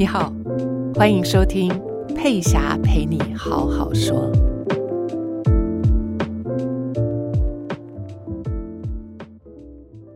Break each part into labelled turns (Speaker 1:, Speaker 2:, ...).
Speaker 1: 你好，歡迎收聽佩霞陪你好好說。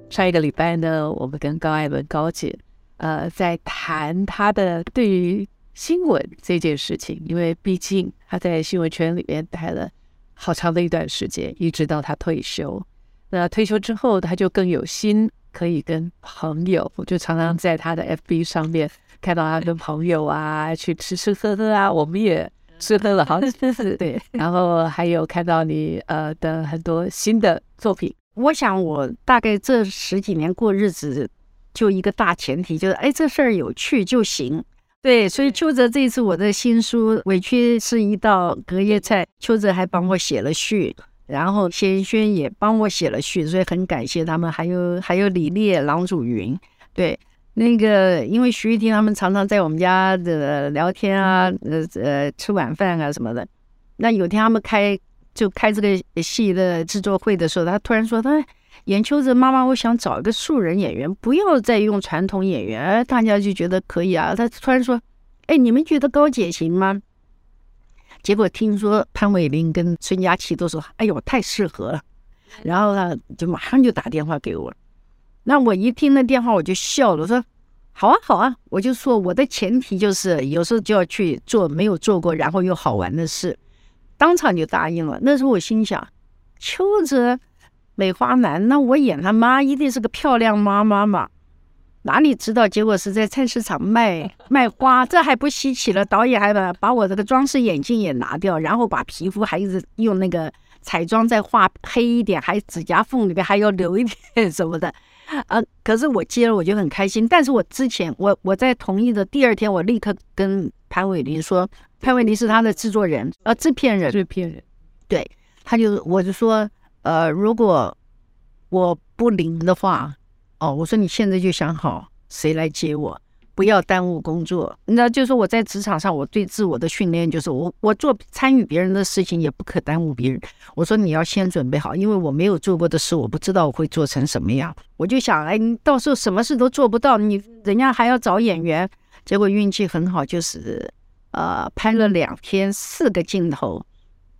Speaker 1: 上一個禮拜呢，我們跟高愛倫高姐，呃，在談她的對於新聞這件事情，因為畢竟她在新聞圈裡面待了好長的一段時間，一直到她退休。那退休之後，她就更有心可以跟朋友，我就常常在她的 FB 上面。看到他跟朋友啊去吃吃喝喝啊，我們也吃喝
Speaker 2: 了好幾次。 是對，然後還有看到你呃的很多新的作品。我想我大概這十幾年過日子，就一個大前提就是，哎，這事兒有趣就行。對，所以邱澤這一次我的新書《委屈是一道隔夜菜》，邱澤還幫我寫了序，然後謝軒也幫我寫了序，所以很感謝他們。還有還有李烈、郎祖筠，對。那個，因為徐玉婷他們常常在我們家的聊天啊，呃呃吃晚飯啊什麼的。那有天他們開就開這個戲的制作會的時候，他突然說：“他、哎、演秋子媽媽，我想找一個素人演員，不要再用傳統演員。”大家就覺得可以啊。他突然說：“哎，你們覺得高姐行嗎？”結果聽說潘偉林跟孫佳琪都說：“哎呦，太適合了。”然後他就馬上就打電話給我。那我一聽那電話我就笑了，我說好啊好啊，我就說我的前提就是有時候就要去做沒有做過然後又好玩的事，當場就答應了。那時候我心想，邱澤美花男，那我演他媽一定是個漂亮媽媽嘛？哪裡知道結果是在菜市場賣賣花，這還不稀奇了。導演還把把我這個裝飾眼鏡也拿掉，然後把皮膚還一直用那個彩妝再畫黑一點，還指甲縫裡邊還要留一點什麼的。啊、呃，可是我接了，我就很開心。但是我之前我，我我在同意的第二天，我立刻跟潘偉林說，潘偉林是他的製作人，呃，製片人，製片人，對，他就我就說，呃，如果我不靈的話，哦，我說你現在就想好誰來接我。不要耽誤工作，那就是我在職場上，我對自我的訓練就是我，我我做參與別人的事情，也不可耽誤別人。我說你要先準備好，因為我沒有做過的事，我不知道我會做成什麼樣。我就想，哎，你到時候什麼事都做不到，你人家還要找演員。結果運氣很好，就是，呃，拍了兩天四個鏡頭，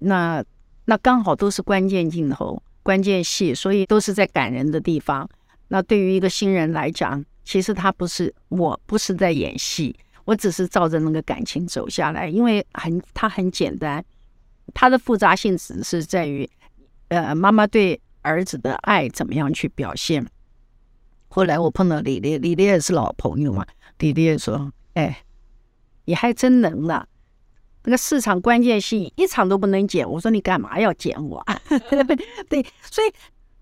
Speaker 2: 那那剛好都是關鍵鏡頭、關鍵戲，所以都是在感人的地方。那對於一個新人來講。其實他不是，我不是在演戲，我只是照着那個感情走下來。因為很，它很簡單，它的複雜性只是在於，呃，媽媽對兒子的愛怎麼樣去表現。後來我碰到李烈，李烈也是老朋友嘛，李烈也說：“哎，你還真能呢，那個四場關鍵戲一場都不能剪。”我說：“你幹嘛要剪我？” 對，所以。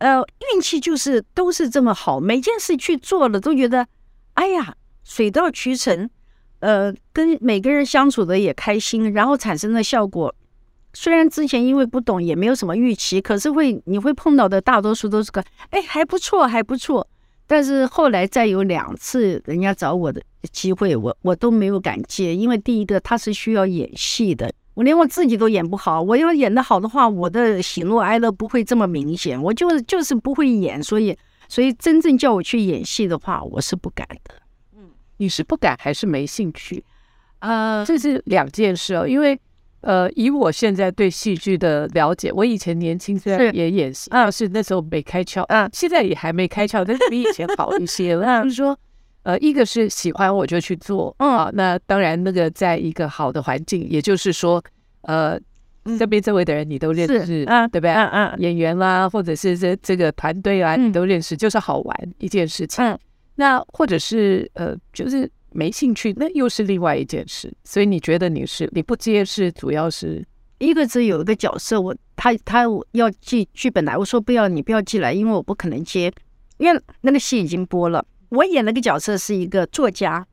Speaker 2: 呃，運氣就是都是這麼好，每件事去做了都覺得，哎呀，水到渠成。呃，跟每個人相處的也開心，然後產生的效果，雖然之前因為不懂也沒有什麼預期，可是會你會碰到的大多數都是個，哎，還不錯還不錯。但是後來再有兩次人家找我的機會，我我都沒有敢接，因為第一個他是需要演戲的。我連我自己都演不好，我要演得好的話，我的喜怒哀樂不會這麼明顯。我就是就是不會演，所以所以真正叫我去演戲的話，我是不敢的。嗯，你是不敢還是沒興趣？呃，這是兩件事哦。因為呃，
Speaker 1: 以我現在對戲劇的了解，我以前年輕雖然也演戲啊是、嗯，是那時候沒開竅，啊、嗯，現在也還沒開竅，但是比以前好一些了。就是、 嗯、說。呃，一個是喜歡我就去做啊，嗯、那當然那個在一個好的環境，也就是說，呃，嗯、身邊周圍的人你都認識啊，對不對？嗯對吧嗯，嗯嗯演員啦，或者是這這個團隊啊，嗯、你都認識，就是好玩一件事情。嗯，那或者是呃，就
Speaker 2: 是沒興趣，那又是另外一件事。所以你覺得你是你不接是主要是一個是有一個角色，我他他要寄劇本來，我說不要，你不要寄來，因為我不可能接，因為那個戲已經播了。我演了個角色，是一個作家，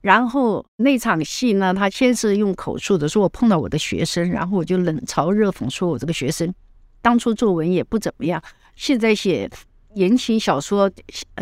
Speaker 2: 然後那場戲呢，他先是用口述的，說我碰到我的學生，然後我就冷嘲熱諷，說我這個學生當初作文也不怎麼樣，現在寫言情小說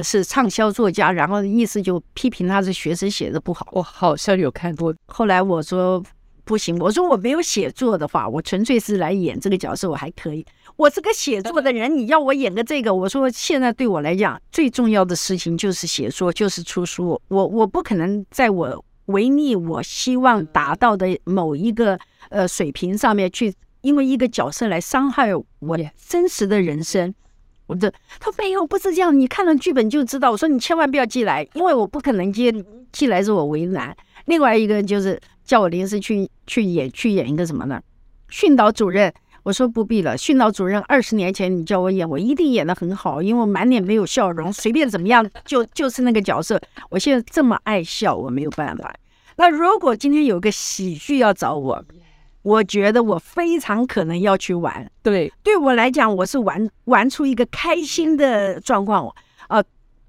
Speaker 2: 是暢銷作家，然後意思就批評他這學生寫的不好。我、哦、好像有看過。後來我說。不行，我說我沒有寫作的話，我純粹是來演這個角色，我還可以。我是個寫作的人，你要我演個這個，我說現在對我來講最重要的事情就是寫作，就是出書。我我不可能在我違逆我希望達到的某一個呃水平上面去，因為一個角色來傷害我真實的人生。我這他沒有，不是這樣，你看了劇本就知道。我說你千萬不要寄來，因為我不可能接，寄來是我為難。另外一個就是。叫我臨時去去演去演一個什麼呢？訓導主任，我說不必了。訓導主任二十年前你叫我演，我一定演得很好，因為我滿臉沒有笑容，隨便怎麼樣就就是那個角色。我現在這麼愛笑，我沒有辦法。那如果今天有個喜劇要找我，我覺得我非常可能要去玩。對，對我來講，我是玩玩出一個開心的狀況啊。呃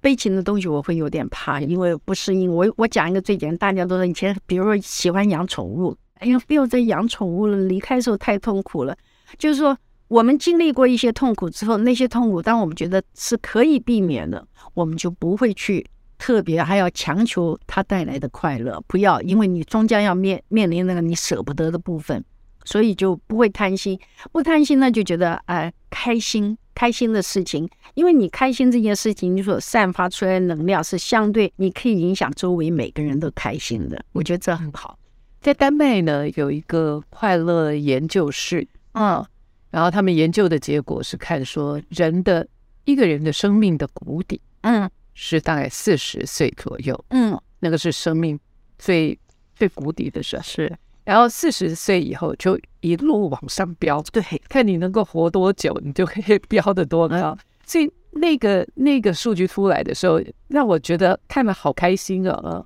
Speaker 2: 悲情的東西我會有點怕，因為不適應。我我講一個最簡單，大家都說以前，比如說喜歡養寵物，哎呀，不要再養寵物了，離開的時候太痛苦了。就是說，我們經歷過一些痛苦之後，那些痛苦，當我們覺得是可以避免的，我們就不會去特別還要強求它帶來的快樂。不要，因為你終將要面面臨那個你舍不得的部分，所以就不會貪心。不貪心呢，就覺得哎。開心，開心的事情，因為你開心這件事情，你所散發出來的能量是相對，你可以影響周圍每個人都開心的。我覺得這很好。在丹麥呢，有一個快樂
Speaker 1: 研究室，嗯，然後他們研究的結果是看說，人的一個人的生命的谷底，嗯，是大概四十歲左右，嗯，那個是生命最最谷底的事，是。然後四十歲以後就一路往上飆，對，看你能夠活多久，你就可以飆得多高。嗯、所以那個那個數據出來的時候，讓我覺得看了好開心啊、哦！啊、嗯，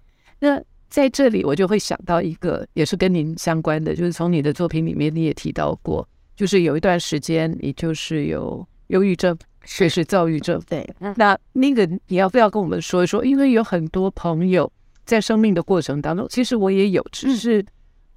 Speaker 1: 那在這裡我就會想到一個，也是跟您相關的，就是從你的作品裡面你也提到過，就是有一段時間你就是有憂鬱症、是學識躁鬱症。對，嗯、那那個你要不要跟我們說一說？因為有很多朋友在生命的過程當中，其實我也有，嗯、只是。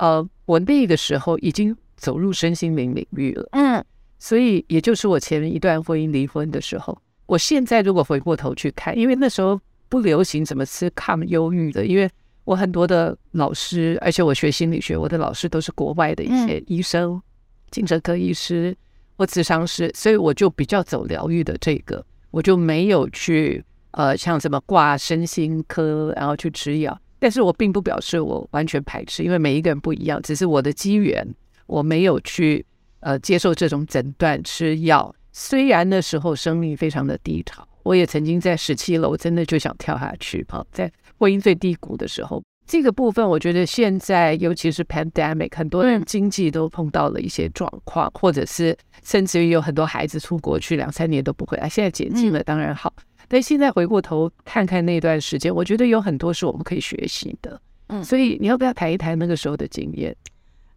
Speaker 1: 呃，我那個時候已經走入身心靈領域了，嗯，所以也就是我前面一段婚姻離婚的時候，我現在如果回過頭去看，因為那時候不流行怎麼吃抗憂鬱的，因為我很多的老師，而且我學心理學，我的老師都是國外的一些醫生、嗯、精神科醫師或諮商師，所以我就比較走療癒的這個，我就沒有去呃像什麼掛身心科，然後去吃藥。但是我並不表示我完全排斥，因為每一個人不一樣，只是我的機緣，我沒有去呃接受這種診斷吃藥。雖然那時候生命非常的低潮，我也曾經在十七樓真的就想跳下去。好、啊，在婚姻最低谷的時候，這個部分我覺得現在，尤其是 pandemic，很多人經濟都碰到了一些狀況，嗯、或者是甚至於有很多孩子出國去兩三年都不回來、啊，現在解禁了，嗯、當然好。所以現在回過頭看看那段時間，我覺得有很多是我們可以
Speaker 2: 學習的。嗯，所以你要不要談一談那個時候的經驗？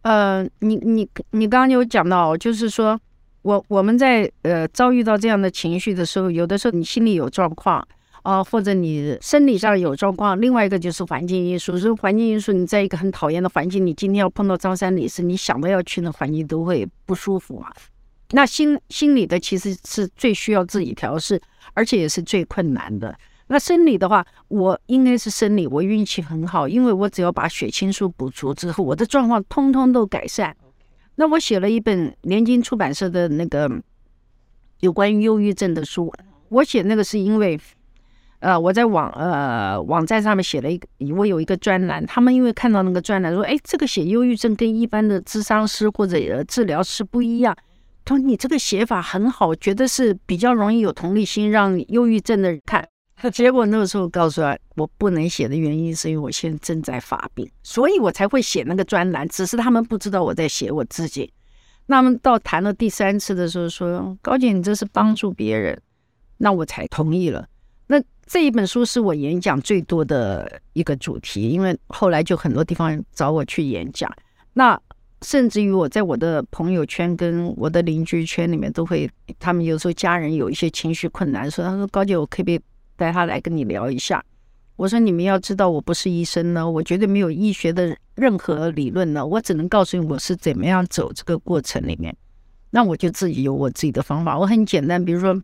Speaker 2: 呃，你你你剛剛有講到，就是說，我我們在呃遭遇到這樣的情緒的時候，有的時候你心裡有狀況啊，呃，或者你生理上有狀況，另外一個就是，是環境因素。所以環境因素，你在一個很討厭的環境，你今天要碰到張三李四，你想到要去那環境都會不舒服啊。那心心理的其實是最需要自己調試，而且也是最困難的。那生理的話，我應該是生理，我運氣很好，因為我只要把血清素補足之後，我的狀況通通都改善。那我寫了一本聯經出版社的那個有關於憂鬱症的書，我寫那個是因為，呃，我在網呃網站上面寫了一個，我有一個專欄，他們因為看到那個專欄說，哎，這個寫憂鬱症跟一般的諮商師或者治療師不一樣。他說：“你這個寫法很好，覺得是比較容易有同理心，讓憂鬱症的人看。”結果那個時候告訴他：“我不能寫的原因是因為我現在正在發病，所以我才會寫那個專欄，只是他們不知道我在寫我自己。”那麼到談了第三次的時候，說：“高姐，你這是幫助別人。”那我才同意了。那這一本書是我演講最多的一個主題，因為後來就很多地方找我去演講。那。甚至於我在我的朋友圈跟我的鄰居圈裡面，都會他們有時候家人有一些情緒困難，說他說高姐，我可不可以帶他來跟你聊一下。我說你們要知道我不是醫生呢，我絕對沒有醫學的任何理論呢，我只能告訴你我是怎麼樣走這個過程裡面。那我就自己有我自己的方法，我很簡單，比如說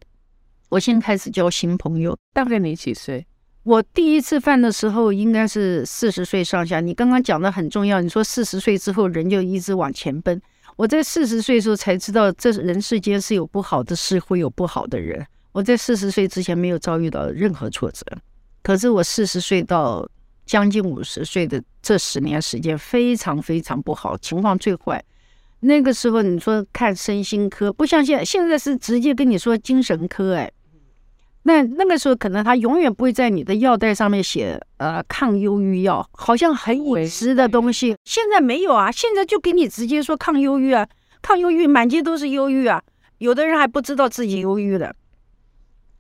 Speaker 2: 我先開始交新朋友。大概你幾歲？我第一次犯的時候應該是四十歲上下。你剛剛講的很重要，你說四十歲之後人就一直往前奔。我在四十歲的時候才知道，這人世間是有不好的事，會有不好的人。我在四十歲之前沒有遭遇到任何挫折，可是我四十歲到將近五十歲的這十年時間非常非常不好，情況最壞。那個時候你說看身心科，不像現在，現在是直接跟你說精神科，哎。那那個時候，可能他永遠不會在你的藥袋上面寫，呃，抗憂鬱藥，好像很隱私的東西。現在沒有啊，現在就給你直接說抗憂鬱啊，抗憂鬱，滿街都是憂鬱啊，有的人還不知道自己憂鬱的。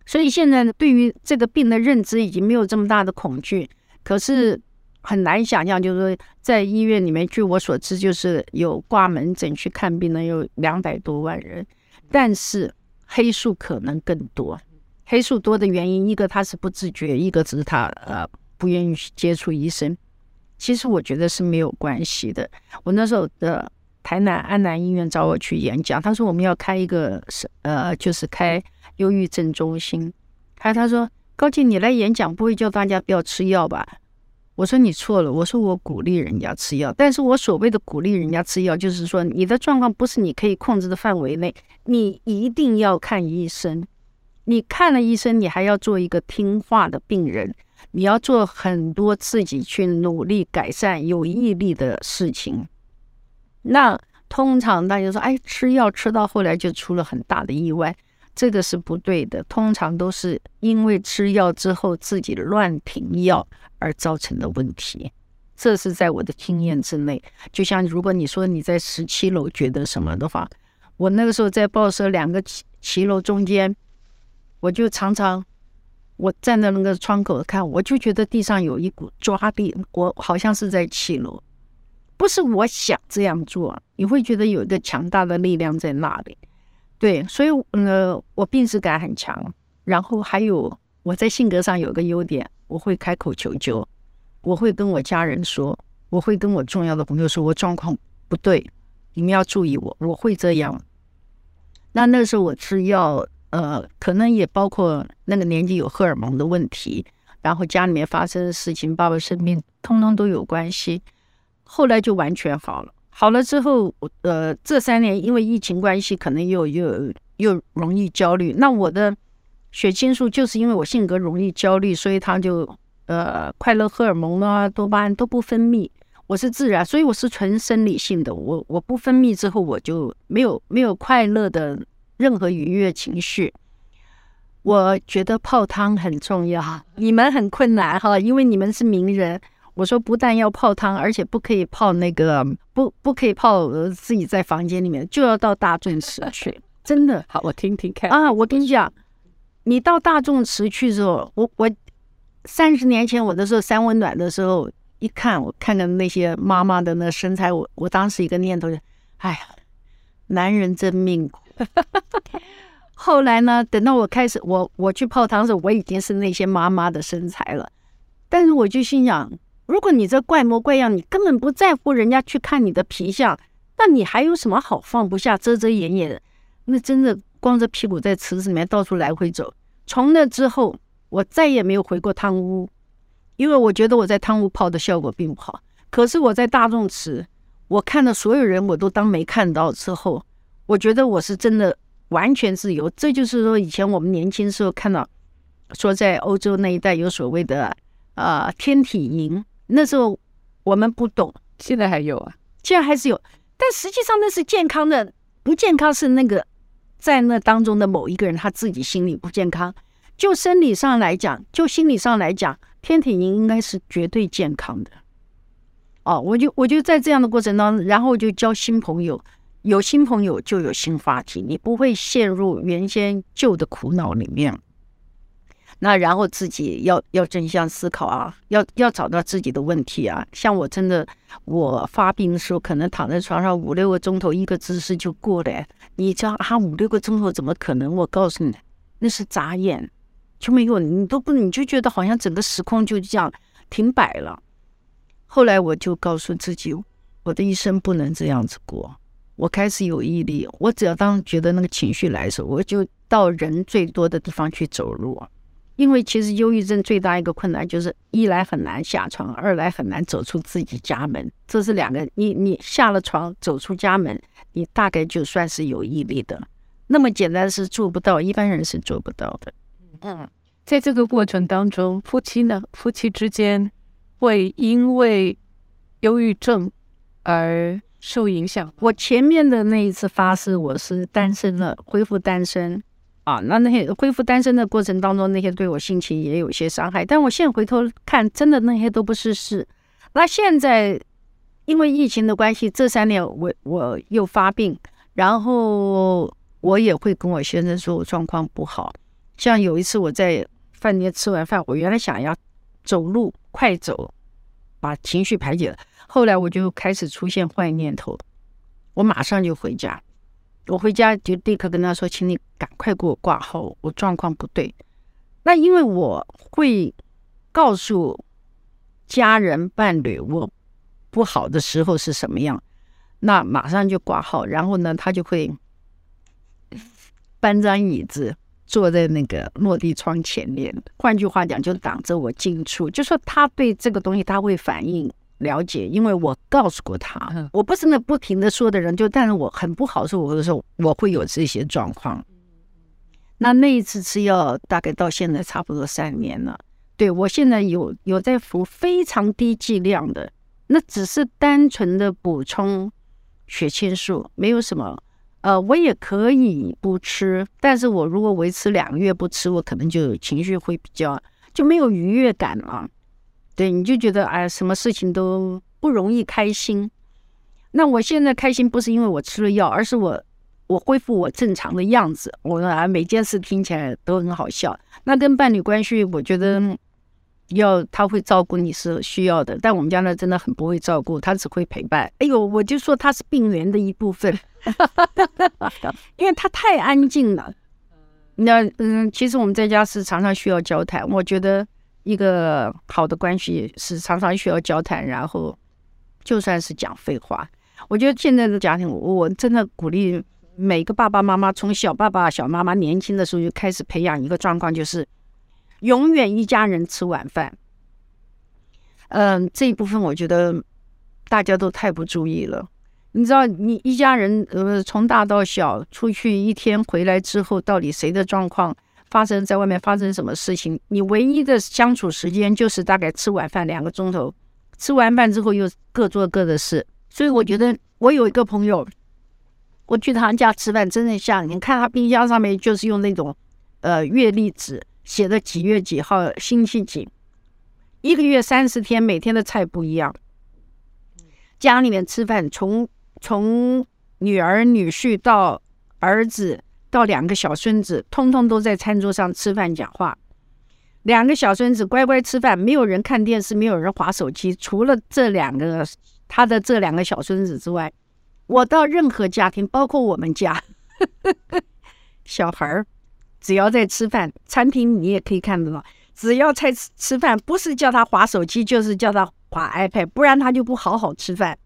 Speaker 2: 所以現在對於這個病的認知已經沒有這麼大的恐懼，可是很難想象，就是說在醫院裡面，據我所知，就是有掛門診去看病的有兩百多萬人，但是黑數可能更多。黑數多的原因，一個他是不自覺，一個只是他呃不願意去接觸醫生。其實我覺得是沒有關係的。我那時候的台南安南醫院找我去演講，他說我們要開一個是呃就是開憂鬱症中心。還他說高姐你來演講不會叫大家不要吃藥吧？我說你錯了，我說我鼓勵人家吃藥，但是我所謂的鼓勵人家吃藥就是說你的狀況不是你可以控制的範圍內，你一定要看醫生。你看了醫生，你還要做一個聽話的病人，你要做很多自己去努力改善、有毅力的事情。那通常大家說，哎，吃藥吃到後來就出了很大的意外，這個是不對的。通常都是因為吃藥之後自己亂停藥而造成的問題，這是在我的經驗之內。就像如果你說你在十七樓覺得什麼的話，我那個時候在報社兩個騎樓中間。我就常常，我站在那個窗口看，我就覺得地上有一股抓地，我好像是在起樓，不是我想這樣做，你會覺得有一個強大的力量在那裡。對，所以呃、嗯，我病識感很強。然後還有我在性格上有個優點，我會開口求救，我會跟我家人說，我會跟我重要的朋友說，我狀況不對，你們要注意我，我會這樣。那那時候我吃藥。呃，可能也包括那個年紀有荷爾蒙的問題，然後家裡面發生的事情，爸爸生病，通通都有關係。後來就完全好了，好了之後，呃，這三年因為疫情關係，可能又又又又容易焦慮。那我的血清素就是因為我性格容易焦慮，所以他就呃，快樂荷爾蒙啊，多巴胺都不分泌。我是自然，所以我是純生理性的，我我不分泌之後，我就沒有沒有快樂的。任何愉悅情緒，我覺得泡湯很重要哈。你們很困難哈，因為你們是名人。我說不但要泡湯，而且不可以泡那個，不不可以泡自己在房間裡面，就要到大眾池去。 真的，好，我聽聽看啊。我跟你講，你到大眾池去的時候，我我三十年前，我的時候三溫暖的時候，一看我看着那些媽媽的那身材，我我當時一個念頭就，哎呀，男人真命苦。哈哈哈哈，後來呢？等到我開始我我去泡湯的時候，我已經是那些媽媽的身材了。但是我就心想，如果你這怪模怪樣，你根本不在乎人家去看你的皮相，那你還有什麼好放不下、遮遮掩掩的？那真的光着屁股在池子裡面到處來回走。從那之後，我再也沒有回過湯屋，因為我覺得我在湯屋泡的效果並不好。可是我在大眾池，我看到所有人，我都當沒看到之後。我覺得我是真的完全自由。這就是說以前我們年輕時候看到，說在歐洲那一帶有所謂的啊、呃、天體營，那時候我們不懂，現在還有啊，現在還是有，但實際上那是健康的，不健康是那個在那當中的某一個人，他自己心理不健康。就生理上來講，就心理上來講，天體營應該是絕對健康的。哦，我就我就在這樣的過程當中，然後就交新朋友。有新朋友，就有新話題，你不會陷入原先舊的苦惱裡面。那然後自己要要正向思考啊，要要找到自己的問題啊。像我真的，我發病的時候，可能躺在床上五六個鐘頭，一個姿勢就過來。你這樣，啊，五六個鐘頭怎麼可能？我告訴你，那是眨眼，就沒有你都不，你就覺得好像整個時空就這樣停擺了。後來我就告訴自己，我的一生不能這樣子過。我開始有毅力，我只要當覺得那個情緒來的時候，我就到人最多的地方去走路。因為其實憂鬱症最大一個困難就是，一來很難下床，二來很難走出自己家門。這是兩個，你你下了床走出家門，你大概就算是有毅力的。那麼簡單是做不到，一般人是做不到的。嗯，
Speaker 1: 在這個過程當中，夫妻呢，夫妻之間會
Speaker 2: 因為憂鬱症而，受影響，我前面的那一次發誓，我是單身了，恢復單身，啊，那那些恢復單身的過程當中，那些對我心情也有些傷害。但我現在回頭看，真的那些都不是事。那現在因為疫情的關係，這三年我我又發病，然後我也會跟我先生說我狀況不好。像有一次我在飯店吃完飯，我原來想要走路快走，把情緒排解了。後來我就開始出現壞念頭，我馬上就回家，我回家就立刻跟他說：“請你趕快給我掛號，我狀況不對。”那因為我會告訴家人、伴侶，我不好的時候是什麼樣，那馬上就掛號。然後呢，他就會搬張椅子坐在那個落地窗前面，換句話講，就擋着我進出。就說他對這個東西，他會反應。了解，因為我告訴過他，我不是那不停的說的人，就但是我很不好受，我的時候我會有這些狀況。那那一次吃藥大概到現在差不多三年了，對，我現在有有在服非常低劑量的，那只是單純的補充血清素，沒有什麼。呃，我也可以不吃，但是我如果維持兩個月不吃，我可能就情緒會比較就沒有愉悅感了。對，你就覺得哎，什麼事情都不容易開心。那我現在開心不是因為我吃了藥，而是我我恢復我正常的樣子。我說啊、哎，每件事聽起來都很好笑。那跟伴侶關係，我覺得要他會照顧你是需要的，但我們家呢，真的很不會照顧，他只會陪伴。哎呦，我就說他是病源的一部分， 因為他太安靜了。那嗯，其實我們在家是常常需要交談，我覺得。一個好的關係是常常需要交談，然後就算是講廢話。我覺得現在的家庭，我真的鼓勵每個爸爸媽媽從小爸爸、小媽媽年輕的時候就開始培養一個狀況，就是永遠一家人吃晚飯。嗯，這一部分我覺得大家都太不注意了。你知道，你一家人呃從大到小出去一天回來之後，到底誰的狀況？發生在外面發生什麼事情，你唯一的相處時間就是大概吃晚飯兩個鐘頭，吃完飯之後又各做各的事。所以我覺得，我有一個朋友，我去他家吃飯，真的像你看他冰箱上面就是用那種，呃，月曆紙寫的幾月幾號星期幾，一個月三十天，每天的菜不一樣。家裡面吃飯從，從從女兒女婿到兒子。到兩個小孫子，通通都在餐桌上吃飯講話。兩個小孫子乖乖吃飯，沒有人看電視，沒有人滑手機。除了這兩個，他的這兩個小孫子之外，我到任何家庭，包括我們家， 小孩兒只要在吃飯，餐廳你也可以看得到，只要在吃飯，不是叫他滑手機，就是叫他滑 iPad，不然他就不好好吃飯。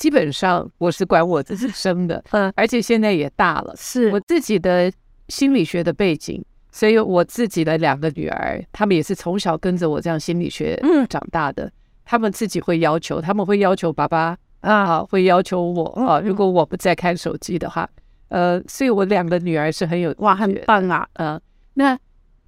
Speaker 2: 基本上
Speaker 1: 我是管我自己生的，嗯，而且現在也大了，是我自己的心理學的背景，所以我自己的兩個女兒，她們也是從小跟着我這樣心理學長大的，嗯、她們自己會要求，她們會要求爸爸啊，啊，會要求我啊，嗯、如果我不再看手機的話，呃，所以我兩個女兒是很有哇，很棒啊，嗯，那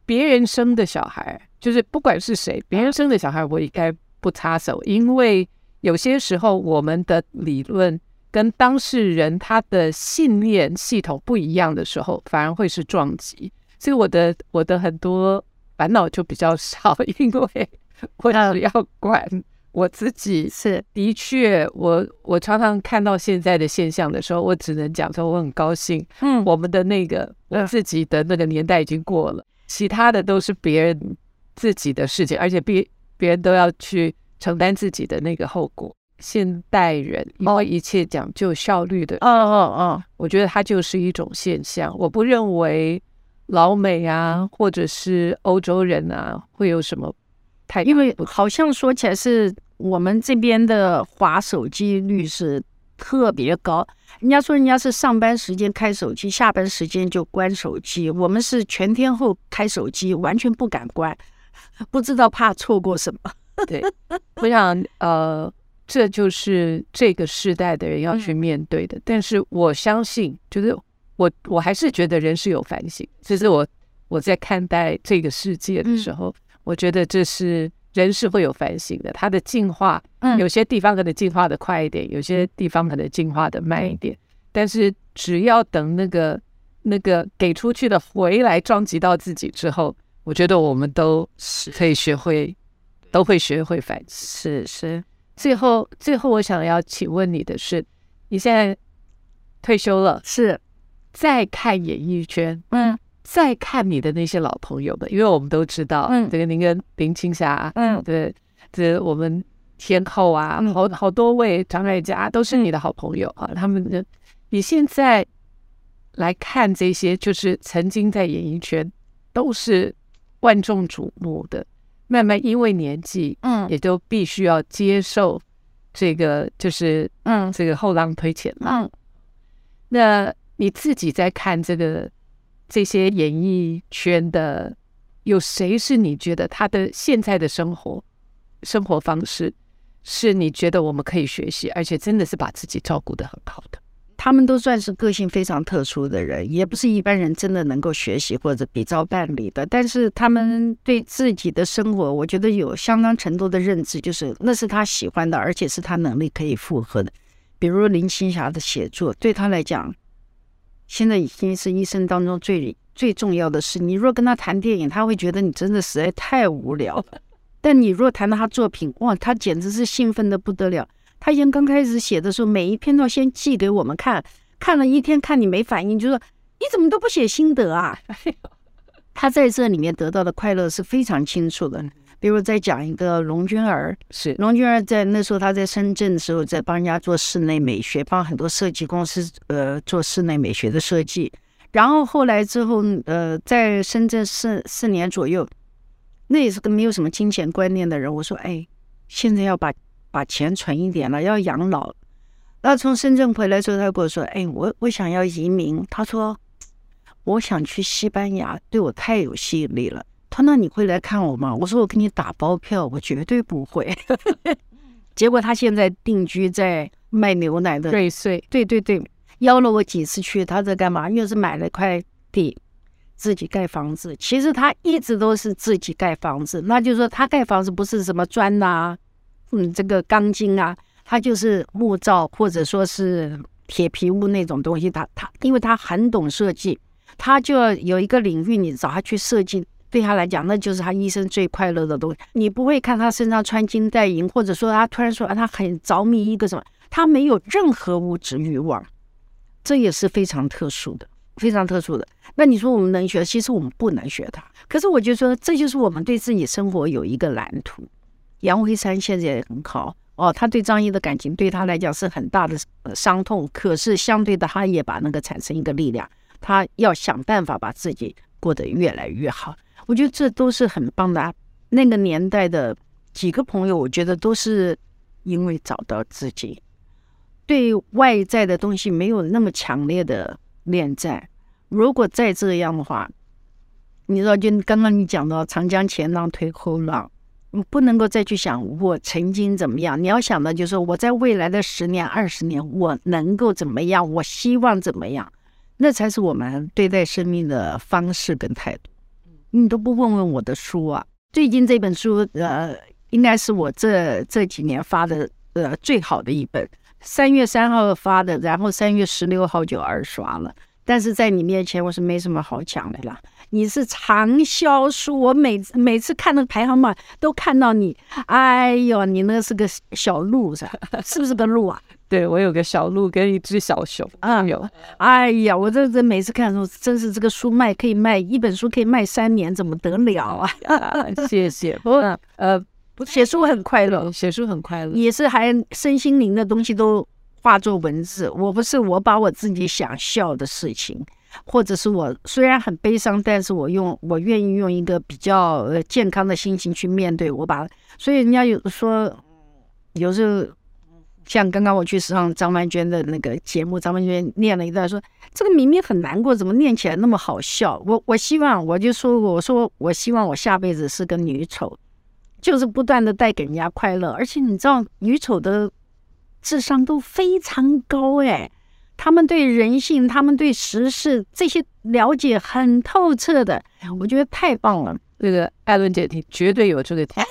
Speaker 1: 別人生的小孩，就是不管是誰，嗯、別人生的小孩，我應該不插手，因為。有些時候，我們的理論跟當事人他的信念系統不一樣的時候，反而會是撞擊。所以，我的我的很多煩惱就比較少，因為我只要管我自己。是的確，我我常常看到現在的現象的時候，我只能講說我很高興。嗯，我們的那個我自己的那個年代已經過了，其他的都是別人自己的事情，而且別別人都要去。承擔自己的那個後果。現代人因為一切講究效率的，嗯嗯嗯，哦哦、我覺得它就是一種現象。我不認為老美啊，嗯、或者
Speaker 2: 是歐洲人啊，會有什麼太……因為好像說起來是我們這邊的滑手機率是特別高。人家說人家是上班時間開手機，下班時間就關手機，我們是全天候開手機，完全不敢關，不知道怕錯過什麼。對，我想，
Speaker 1: 呃，這就是這個時代的人要去面對的。嗯、但是我相信，就是我，我還是覺得人是有反省。其實、就是、我我在看待這個世界的時候，嗯、我覺得這是人是會有反省的。他的進化，嗯，有些地方可能進化的快一點，有些地方可能進化的慢一點。嗯、但是只要等那個那個給出去的回來，撞擊到自己之後，我覺得我們都是可以學會。都會學會反思。是，是。最後，最後我想要請問你的是，你現在退休了，是再看演藝圈，嗯，再看你的那些老朋友們，因為我們都知道，嗯，這個您跟林青霞、啊，嗯，對，這個、我們天後啊，嗯、好好多位張艾嘉都是你的好朋友啊，嗯、他們的你現在來看這些，就是曾經在演藝圈都是萬眾矚目的。慢慢，因為年紀，嗯，也都必須要接受這個，就是，嗯，這個後浪推前浪。那你自己在看這個這些演藝圈的，有誰是你覺得他的現在的生活生活方式
Speaker 2: 是你覺得我們可以學習，而且真的是把自己照顧得很好的？他們都算是個性非常特殊的人，也不是一般人真的能夠學習或者比照辦理的。但是他們對自己的生活，我覺得有相當程度的認知，就是那是他喜歡的，而且是他能力可以負荷的。比如林青霞的寫作，對他來講，現在已經是一生當中最最重要的事。你若跟他談電影，他會覺得你真的實在太無聊了；但你若談到他作品，哇，他簡直是興奮的不得了。他以前剛開始寫的時候，每一篇都要先寄給我們看，看了一天，看你沒反應，就說你怎麼都不寫心得啊？他在這裡面得到的快樂是非常清楚的。比如再講一個龍君兒，是龍君兒在那時候他在深圳的時候，在幫人家做室內美學，幫很多設計公司呃做室內美學的設計。然後後來之後呃在深圳四四年左右，那也是個沒有什麼金錢觀念的人。我說哎，現在要把。把錢存一點了，要養老。那從深圳回來之後，他跟我說：“哎，我我想要移民。”他說：“我想去西班牙，對我太有吸引力了。”他那你會來看我嗎？我說：“我給你打包票，我絕對不會。 ”結果他現在定居在賣牛奶的瑞穗，對對對，對邀了我幾次去，他在幹嘛？又是買了塊地，自己蓋房子。其實他一直都是自己蓋房子，那就是說他蓋房子不是什麼磚吶、啊。嗯，這個鋼筋啊，他就是木造或者說是鐵皮屋那種東西。他他，因為他很懂設計，他就要有一個領域，你找他去設計，對他來講，那就是他一生最快樂的東西。你不會看他身上穿金戴銀，或者說他突然說啊，他很着迷一個什麼，他沒有任何物質慾望，這也是非常特殊的，非常特殊的。那你說我們能學？其實我們不能學他，可是我就說，這就是我們對自己生活有一個藍圖。楊惠姍現在也很好哦，他對張毅的感情對他來講是很大的傷痛，可是相對的，他也把那個產生一個力量，他要想辦法把自己過得越來越好。我覺得這都是很棒的啊。那個年代的幾個朋友，我覺得都是因為找到自己，對外在的東西沒有那麼強烈的戀棧。如果再這樣的話，你知道就剛剛你講到長江前浪推後浪。你不能夠再去想我曾經怎麼樣，你要想的就是我在未來的十年、二十年，我能夠怎麼樣，我希望怎麼樣，那才是我們對待生命的方式跟態度。你都不問問我的書啊？最近這本書，呃，應該是我這這幾年發的呃最好的一本，三月三號發的，然後三月十六號就二刷了，但是在你面前我是沒什麼好講的啦。你是長銷書，我每每次看那個排行榜都看到你，哎呦，你那是個小鹿是，是不是個鹿啊？ 對，我有個小鹿跟一只小熊啊、嗯、有。哎呀，我這這每次看，的時候，真是這個書賣可以賣，一本書可以賣三年，怎麼得了啊？啊謝謝，不、啊、呃，不、寫書很快樂，寫書很快樂，也是還身心靈的東西都化作文字。我不是我把我自己想笑的事情。或者是我雖然很悲傷，但是我用我願意用一個比較呃健康的心情去面對。我把，所以人家有說，有時候像剛剛我去上張曼娟的那個節目，張曼娟念了一段，說這個明明很難過，怎麼念起來那麼好笑？我我希望，我就說過，我說我希望我下輩子是個女丑，就是不斷的帶給人家快樂。而且你知道，女丑的智商都非常高誒、哎。他們對人性，他們對時事這些了解很透徹的，我覺得太棒了。
Speaker 1: 這個艾倫姐，你絕對有這個天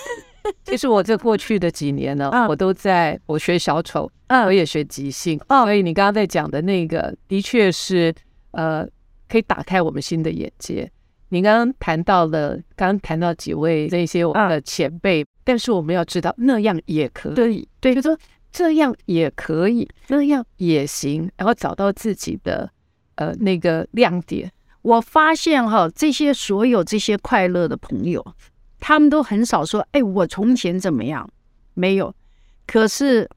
Speaker 1: 其實我這過去的幾年呢， 我都在我學小丑，嗯、我也學即興。哦、所以你剛剛在講的那個，的確是呃，可以打開我們新的眼界。你剛剛談到了，剛，剛談到幾位這些我們的前輩，嗯、但是我們要知道那樣也可以對對，
Speaker 2: 對就是說。這樣也可以，這樣也行。然後找到自己的呃那個亮點。我發現哈，這些所有這些快樂的朋友，他們都很少說：“哎，我從前怎麼樣？”沒有。可是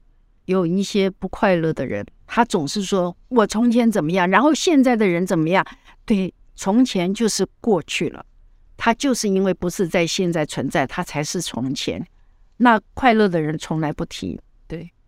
Speaker 2: 有一些不快樂的人，他總是說：“我從前怎麼樣？”然後現在的人怎麼樣？對，從前就是過去了。他就是因為不是在現在存在，他才是從前。那快樂的人從來不提。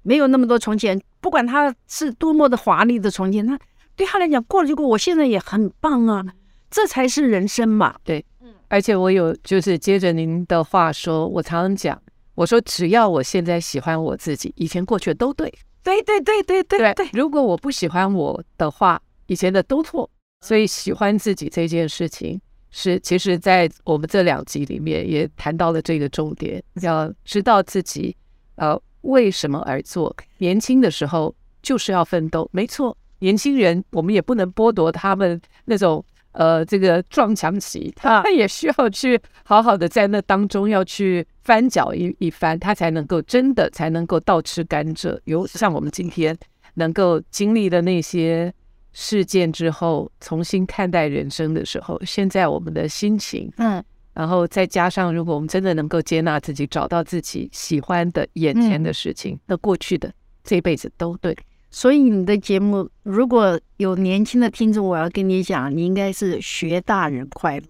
Speaker 2: 沒有那麼多從前，不管他是多麼的華麗的從前，那對他來講過了就過。我現在也很棒啊，這才是人生嘛。對，而且我
Speaker 1: 有就是接着您的話說，我常常講，我說只要我現在喜歡我自己，以前過去的都對。對對對對對對，對，對。如果我不喜歡我的話，以前的都錯。所以喜歡自己這件事情是，其實，在我們這兩集裡面也談到了這個重點，嗯、要知道自己，呃、啊。為什麼而做？年輕的時候就是要奮鬥，沒錯。年輕人，我們也不能剝奪他們那種呃，這個撞牆期，他也需要去好好的在那當中要去翻攪一一番，他才能夠真的才能夠倒吃甘蔗。尤其像我們今天能夠經歷的那些事件之後，重新看待人生的時候，現在我們的心情，嗯。然後再加上，如果我們真的能夠接納自己，找到自己喜歡的眼前的事
Speaker 2: 情，嗯、那過去的這一輩子都對。所以你的節目如果有年輕的聽眾，我要跟你講，你應該是學大人快樂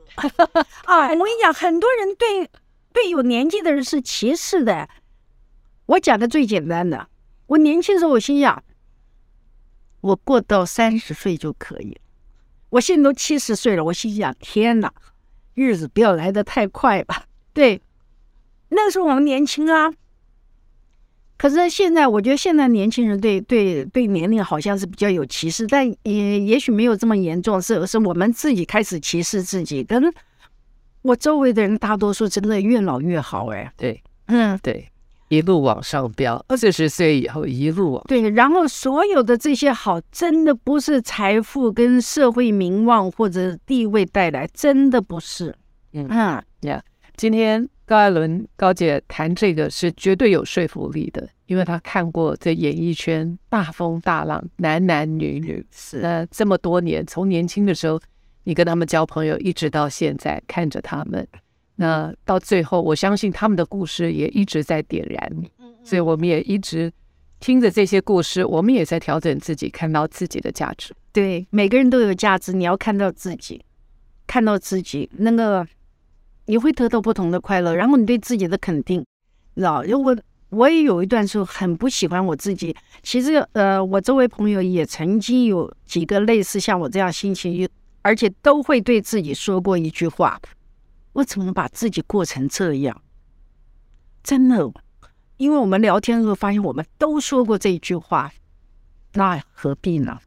Speaker 2: 啊！我跟你講，很多人對對有年紀的人是歧視的。我講的最簡單的，我年輕時候，我心想，我過到三十歲就可以。我現在都七十歲了，我心想，天吶。日子不要來得太快吧！對，那個時候我們年輕啊。可是現在，我覺得現在年輕人對對對年齡好像是比較有歧視，但也也許沒有這麼嚴重，是是我們自己開始歧視自己。跟我周圍的人，大多數真的越老越好哎。對，嗯，對。一路往上飆，二十歲以後一路往上飆。對，然後所有的這些好，真的不是財富跟社會名望或者地位帶來，真的不是。嗯，啊
Speaker 1: yeah. 今天高愛倫高姐談這個是絕對有說服力的，因為她看過這演藝圈大風大浪，男男女女。是。那這麼多年，從年輕的時候你跟他們交朋友，一直到現在看着他們。那到最後，我相信他們的故事也一直在點燃，所以我們也一直聽着這些故事，我們也在調整自己，看到自己的價值。對，
Speaker 2: 每個人都有價值，你要看到自己，看到自己，那個你會得到不同的快樂，然後你對自己的肯定，你知道？因為我我也有一段時候很不喜歡我自己。其實，呃，我周圍朋友也曾經有幾個類似像我這樣心情，而且都會對自己說過一句話。我怎麼把自己過成這樣？真的，因為我們聊天的時候發現，我們都說過這一句話，那何必呢？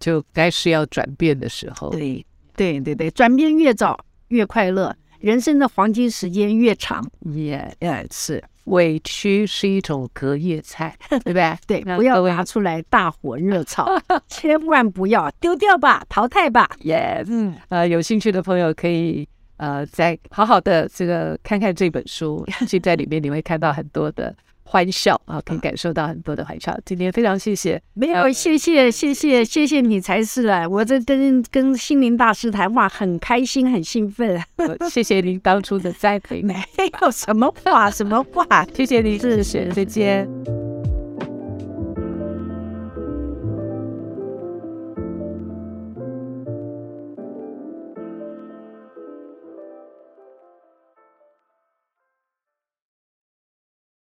Speaker 2: 就該是要轉變的時候。對對對對，轉變越早越快樂，人生的黃金時間越長。也 e、yeah, yeah, 是，委屈是一種隔夜菜， 對吧？ 對，不要拿出來大火熱炒， 千萬不要丟掉吧，淘汰吧。Yes，、yeah, 呃、嗯，uh, 有興趣的朋友可以。呃，再
Speaker 1: 好好的這個看看這本書，就在裡面你會看到很多的歡笑， 啊，可以感受到很多的歡笑。今天非常謝謝，
Speaker 2: 沒有，謝謝，謝謝，謝謝你才是啊。我這跟跟心靈大師談話，很開心，很興奮啊，哦。謝謝您當初的栽培， 沒有什麼話，什麼話， 謝謝你，謝謝， 再見。